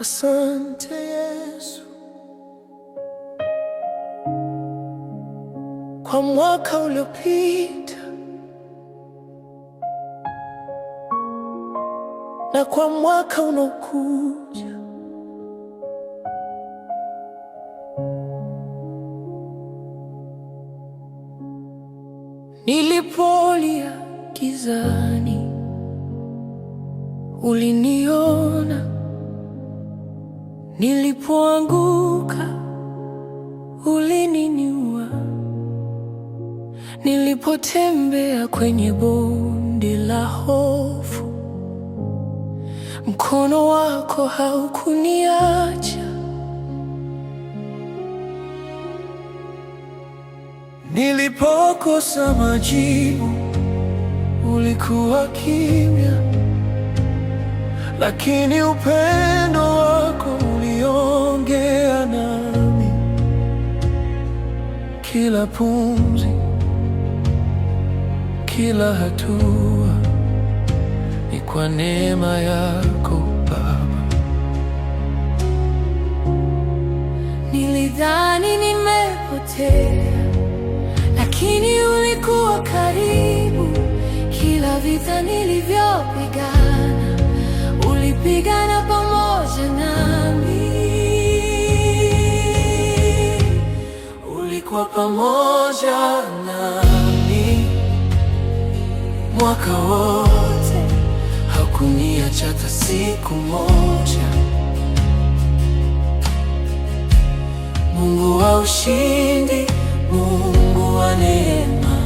Asante Yesu kwa mwaka uliopita na kwa mwaka unaokuja. Nilipolia gizani ulinio Nilipoanguka ulininyua, nilipotembea kwenye bonde la hofu, mkono wako haukuniacha. Nilipokosa majibu, ulikuwa kimya, lakini upendo ongea nami kila pumzi, kila hatua ni kwa neema yako Baba. Nilidhani nimepotea, lakini ulikuwa karibu. Kila vita nilivyopigana, ulipigana pamoja na kuwa pamoja nami mwaka wote, hakuniacha hata siku moja. Mungu wa ushindi, Mungu wa neema,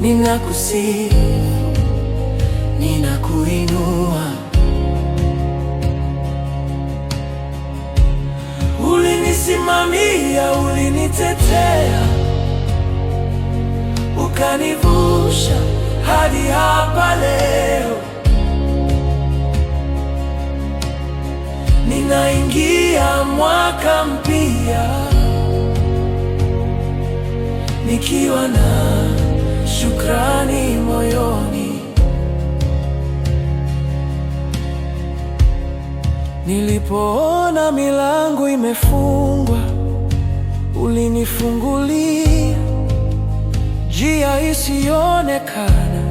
ninakusifu, ninakuinua ulipotea ukanivusha hadi hapa leo. Ninaingia mwaka mpya nikiwa na shukrani moyoni. Nilipoona milango imefungwa Ulinifungulia njia isiyoonekana,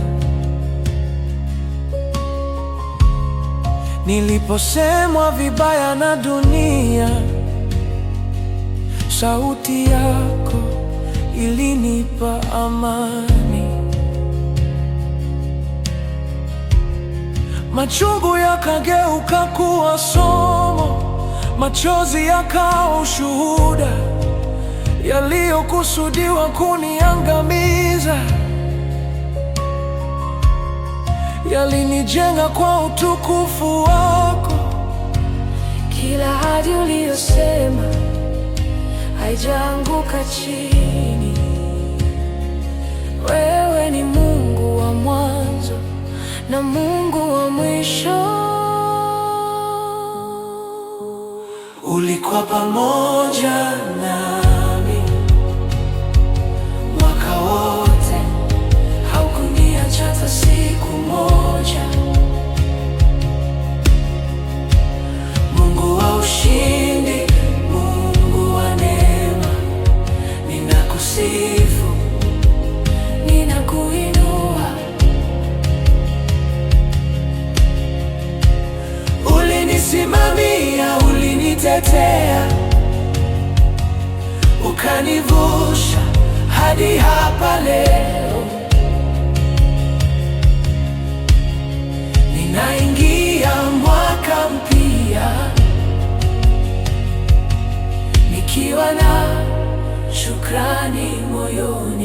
niliposemwa vibaya na dunia, sauti yako ilinipa amani. Machungu yakageuka kuwa somo, machozi yakawa ushuhuda yaliyokusudiwa kuniangamiza yalinijenga kwa utukufu wako. Kila ahadi uliyosema haijaanguka chini. Wewe ni Mungu wa mwanzo na Mungu wa mwisho. Ulikuwa pamoja na unanivusha hadi hapa leo, ninaingia mwaka mpya nikiwa na shukrani moyoni.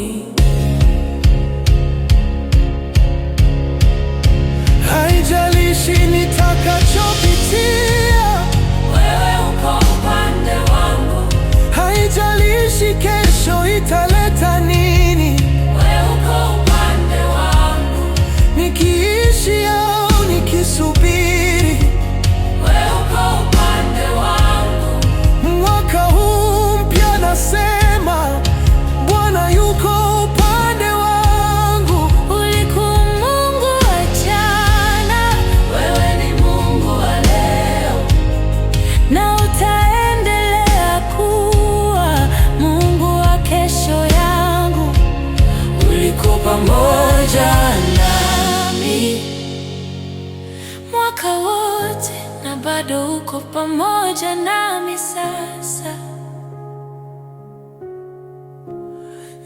bado uko pamoja nami sasa.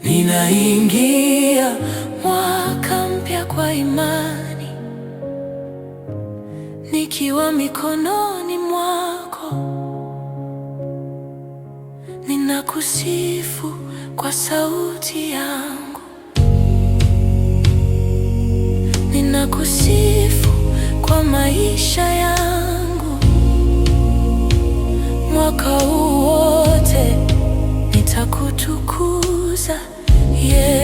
Ninaingia mwaka mpya kwa imani, nikiwa mikononi mwako. Ninakusifu kwa sauti yangu, ninakusifu kwa maisha yangu mwaka wote nitakutukuza, yeah.